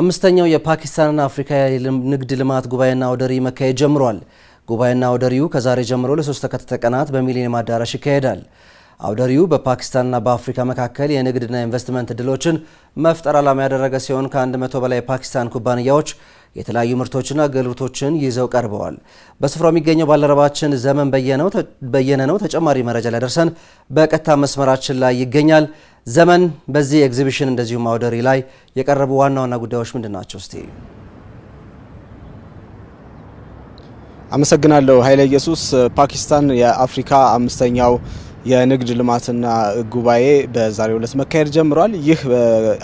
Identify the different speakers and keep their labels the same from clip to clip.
Speaker 1: አምስተኛው የፓኪስታንና አፍሪካ ንግድ ልማት ጉባኤና አውደ ርዕይ መካሄድ ጀምሯል። ጉባኤና አውደ ርዕዩ ከዛሬ ጀምሮ ለሶስት ተከታታይ ቀናት በሚሊኒየም አዳራሽ ይካሄዳል። አውደ ርዕዩ በፓኪስታንና በአፍሪካ መካከል የንግድና ኢንቨስትመንት እድሎችን መፍጠር ዓላማ ያደረገ ሲሆን ከ100 በላይ የፓኪስታን ኩባንያዎች የተለያዩ ምርቶችና አገልግሎቶችን ይዘው ቀርበዋል። በስፍራው የሚገኘው ባልደረባችን ዘመን በየነ ነው ተጨማሪ መረጃ ላይ ደርሰን በቀጥታ መስመራችን ላይ ይገኛል። ዘመን በዚህ ኤግዚቢሽን እንደዚሁም አውደ ላይ የቀረቡ ዋና ዋና ጉዳዮች ምንድን ናቸው? እስቲ
Speaker 2: አመሰግናለሁ ኃይለ ኢየሱስ። ፓኪስታን የአፍሪካ አምስተኛው የንግድ ልማትና ጉባኤ በዛሬው ዕለት መካሄድ ጀምሯል። ይህ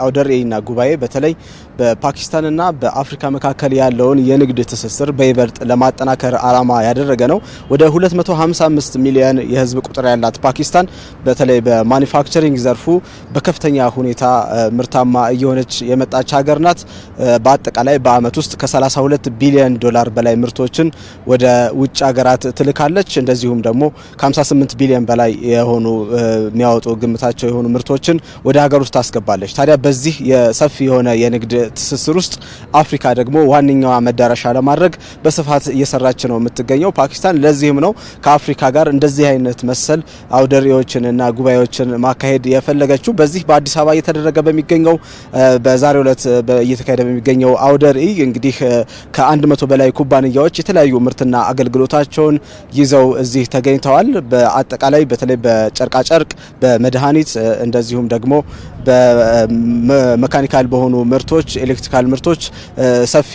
Speaker 2: አውደሬና ጉባኤ በተለይ በፓኪስታንና በአፍሪካ መካከል ያለውን የንግድ ትስስር በይበልጥ ለማጠናከር ዓላማ ያደረገ ነው። ወደ 255 ሚሊዮን የህዝብ ቁጥር ያላት ፓኪስታን በተለይ በማኒፋክቸሪንግ ዘርፉ በከፍተኛ ሁኔታ ምርታማ እየሆነች የመጣች ሀገር ናት። በአጠቃላይ በአመት ውስጥ ከ32 ቢሊዮን ዶላር በላይ ምርቶችን ወደ ውጭ ሀገራት ትልካለች። እንደዚሁም ደግሞ ከ58 ቢሊዮን በላይ የሆኑ የሚያወጡ ግምታቸው የሆኑ ምርቶችን ወደ ሀገር ውስጥ ታስገባለች። ታዲያ በዚህ ሰፊ የሆነ የንግድ ትስስር ውስጥ አፍሪካ ደግሞ ዋነኛዋ መዳረሻ ለማድረግ በስፋት እየሰራች ነው የምትገኘው ፓኪስታን። ለዚህም ነው ከአፍሪካ ጋር እንደዚህ አይነት መሰል አውደሪዎችን እና ጉባኤዎችን ማካሄድ የፈለገችው። በዚህ በአዲስ አበባ እየተደረገ በሚገኘው በዛሬው ዕለት እየተካሄደ በሚገኘው አውደር እንግዲህ ከአንድ መቶ በላይ ኩባንያዎች የተለያዩ ምርትና አገልግሎታቸውን ይዘው እዚህ ተገኝተዋል። በአጠቃላይ በተለይ በጨርቃጨርቅ፣ በመድኃኒት እንደዚሁም ደግሞ በመካኒካል በሆኑ ምርቶች፣ ኤሌክትሪካል ምርቶች ሰፊ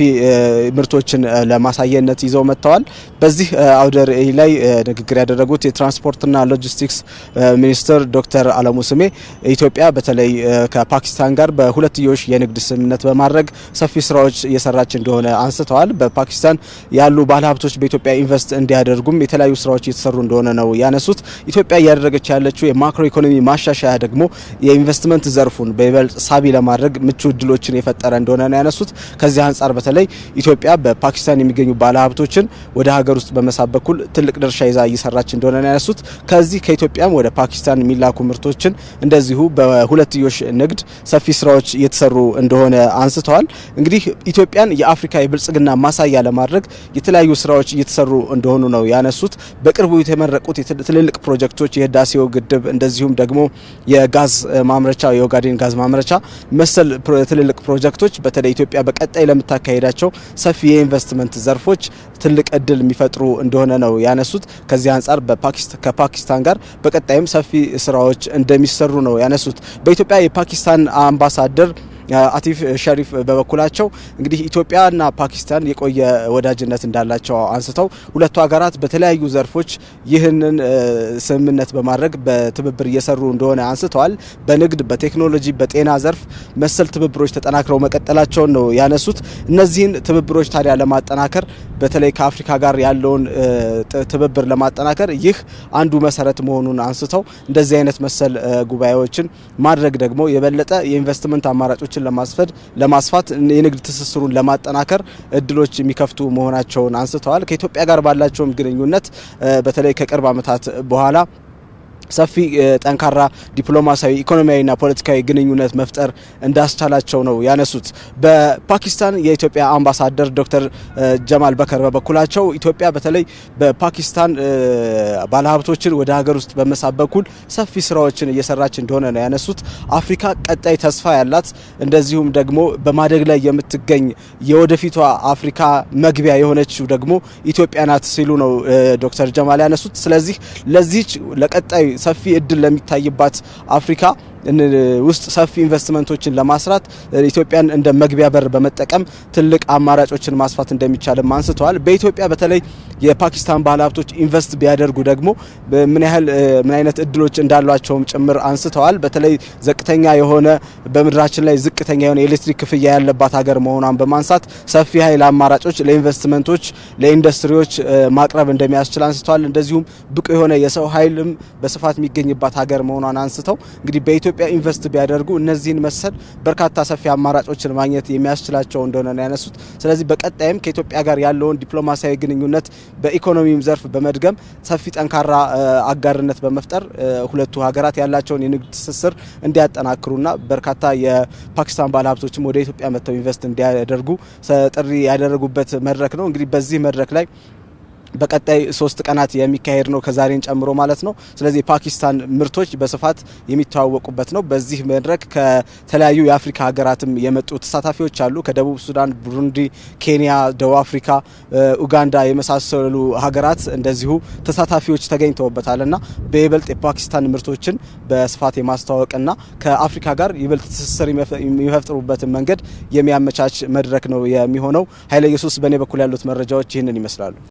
Speaker 2: ምርቶችን ለማሳየነት ይዘው መጥተዋል። በዚህ አውደ ርዕይ ላይ ንግግር ያደረጉት የትራንስፖርትና ሎጂስቲክስ ሚኒስትር ዶክተር አለሙ ስሜ ኢትዮጵያ በተለይ ከፓኪስታን ጋር በሁለትዮሽ የንግድ ስምምነት በማድረግ ሰፊ ስራዎች እየሰራች እንደሆነ አንስተዋል። በፓኪስታን ያሉ ባለሀብቶች በኢትዮጵያ ኢንቨስት እንዲያደርጉም የተለያዩ ስራዎች እየተሰሩ እንደሆነ ነው ያነሱት። ኢትዮጵያ እያደረገች ያለችው የማክሮ ኢኮኖሚ ማሻሻያ ደግሞ የኢንቨስትመንት ዘርፉን በይበልጥ ሳቢ ለማድረግ ምቹ እድሎችን የፈጠረ እንደሆነ ነው ያነሱት። ከዚህ አንጻር በተለይ ኢትዮጵያ በፓኪስታን የሚገኙ ባለሀብቶችን ወደ ሀገር ውስጥ በመሳብ በኩል ትልቅ ድርሻ ይዛ እየሰራች እንደሆነ ነው ያነሱት። ከዚህ ከኢትዮጵያም ወደ ፓኪስታን የሚላኩ ምርቶችን እንደዚሁ በሁለትዮሽ ንግድ ሰፊ ስራዎች እየተሰሩ እንደሆነ አንስተዋል። እንግዲህ ኢትዮጵያን የአፍሪካ የብልጽግና ማሳያ ለማድረግ የተለያዩ ስራዎች እየተሰሩ እንደሆኑ ነው ያነሱት። በቅርቡ የተመረቁት ትልልቅ ፕሮጀክቶች የህዳሴው ግድብ እንደዚሁም ደግሞ የጋዝ ማምረቻ የኦጋዴን ጋዝ ማምረቻ መሰል ትልልቅ ፕሮጀክቶች በተለይ ኢትዮጵያ በቀጣይ ለምታካሄዳቸው ሰፊ የኢንቨስትመንት ዘርፎች ትልቅ እድል የሚፈጥሩ እንደሆነ ነው ያነሱት። ከዚህ አንጻር ከፓኪስታን ጋር በቀጣይም ሰፊ ስራዎች እንደሚሰሩ ነው ያነሱት። በኢትዮጵያ የፓኪስታን አምባሳደር አቲፍ ሸሪፍ በበኩላቸው እንግዲህ ኢትዮጵያና ፓኪስታን የቆየ ወዳጅነት እንዳላቸው አንስተው ሁለቱ ሀገራት በተለያዩ ዘርፎች ይህንን ስምምነት በማድረግ በትብብር እየሰሩ እንደሆነ አንስተዋል። በንግድ፣ በቴክኖሎጂ፣ በጤና ዘርፍ መሰል ትብብሮች ተጠናክረው መቀጠላቸውን ነው ያነሱት። እነዚህን ትብብሮች ታዲያ ለማጠናከር በተለይ ከአፍሪካ ጋር ያለውን ትብብር ለማጠናከር ይህ አንዱ መሰረት መሆኑን አንስተው እንደዚህ አይነት መሰል ጉባኤዎችን ማድረግ ደግሞ የበለጠ የኢንቨስትመንት አማራጮች ገበያዎችን ለማስፈድ ለማስፋት የንግድ ትስስሩን ለማጠናከር እድሎች የሚከፍቱ መሆናቸውን አንስተዋል። ከኢትዮጵያ ጋር ባላቸውም ግንኙነት በተለይ ከቅርብ ዓመታት በኋላ ሰፊ ጠንካራ ዲፕሎማሲያዊ ኢኮኖሚያዊና ፖለቲካዊ ግንኙነት መፍጠር እንዳስቻላቸው ነው ያነሱት። በፓኪስታን የኢትዮጵያ አምባሳደር ዶክተር ጀማል በከር በበኩላቸው ኢትዮጵያ በተለይ በፓኪስታን ባለሀብቶችን ወደ ሀገር ውስጥ በመሳብ በኩል ሰፊ ስራዎችን እየሰራች እንደሆነ ነው ያነሱት። አፍሪካ ቀጣይ ተስፋ ያላት እንደዚሁም ደግሞ በማደግ ላይ የምትገኝ የወደፊቷ አፍሪካ መግቢያ የሆነችው ደግሞ ኢትዮጵያ ናት ሲሉ ነው ዶክተር ጀማል ያነሱት። ስለዚህ ለዚች ለቀጣይ ሰፊ እድል ለሚታይባት አፍሪካ ውስጥ ሰፊ ኢንቨስትመንቶችን ለማስራት ኢትዮጵያን እንደ መግቢያ በር በመጠቀም ትልቅ አማራጮችን ማስፋት እንደሚቻልም አንስተዋል። በኢትዮጵያ በተለይ የፓኪስታን ባለሀብቶች ኢንቨስት ቢያደርጉ ደግሞ ምን ያህል ምን አይነት እድሎች እንዳሏቸውም ጭምር አንስተዋል። በተለይ ዘቅተኛ የሆነ በምድራችን ላይ ዝቅተኛ የሆነ የኤሌክትሪክ ክፍያ ያለባት ሀገር መሆኗን በማንሳት ሰፊ ኃይል አማራጮች ለኢንቨስትመንቶች፣ ለኢንዱስትሪዎች ማቅረብ እንደሚያስችል አንስተዋል። እንደዚሁም ብቁ የሆነ የሰው ኃይልም በስፋት የሚገኝባት ሀገር መሆኗን አንስተው እንግዲህ በኢትዮጵያ ኢትዮጵያ ኢንቨስት ቢያደርጉ እነዚህን መሰል በርካታ ሰፊ አማራጮችን ማግኘት የሚያስችላቸው እንደሆነ ነው ያነሱት። ስለዚህ በቀጣይም ከኢትዮጵያ ጋር ያለውን ዲፕሎማሲያዊ ግንኙነት በኢኮኖሚም ዘርፍ በመድገም ሰፊ ጠንካራ አጋርነት በመፍጠር ሁለቱ ሀገራት ያላቸውን የንግድ ትስስር እንዲያጠናክሩና በርካታ የፓኪስታን ባለሀብቶችም ወደ ኢትዮጵያ መጥተው ኢንቨስት እንዲያደርጉ ጥሪ ያደረጉበት መድረክ ነው። እንግዲህ በዚህ መድረክ ላይ በቀጣይ ሶስት ቀናት የሚካሄድ ነው ከዛሬን ጨምሮ ማለት ነው። ስለዚህ የፓኪስታን ምርቶች በስፋት የሚተዋወቁበት ነው። በዚህ መድረክ ከተለያዩ የአፍሪካ ሀገራትም የመጡ ተሳታፊዎች አሉ። ከደቡብ ሱዳን፣ ቡሩንዲ፣ ኬንያ፣ ደቡብ አፍሪካ፣ ኡጋንዳ የመሳሰሉ ሀገራት እንደዚሁ ተሳታፊዎች ተገኝተውበታል እና በይበልጥ የፓኪስታን ምርቶችን በስፋት የማስተዋወቅና ከአፍሪካ ጋር ይበልጥ ትስስር የሚፈጥሩበትን መንገድ የሚያመቻች መድረክ ነው የሚሆነው። ኃይለ ኢየሱስ፣ በእኔ በኩል ያሉት መረጃዎች ይህንን ይመስላሉ።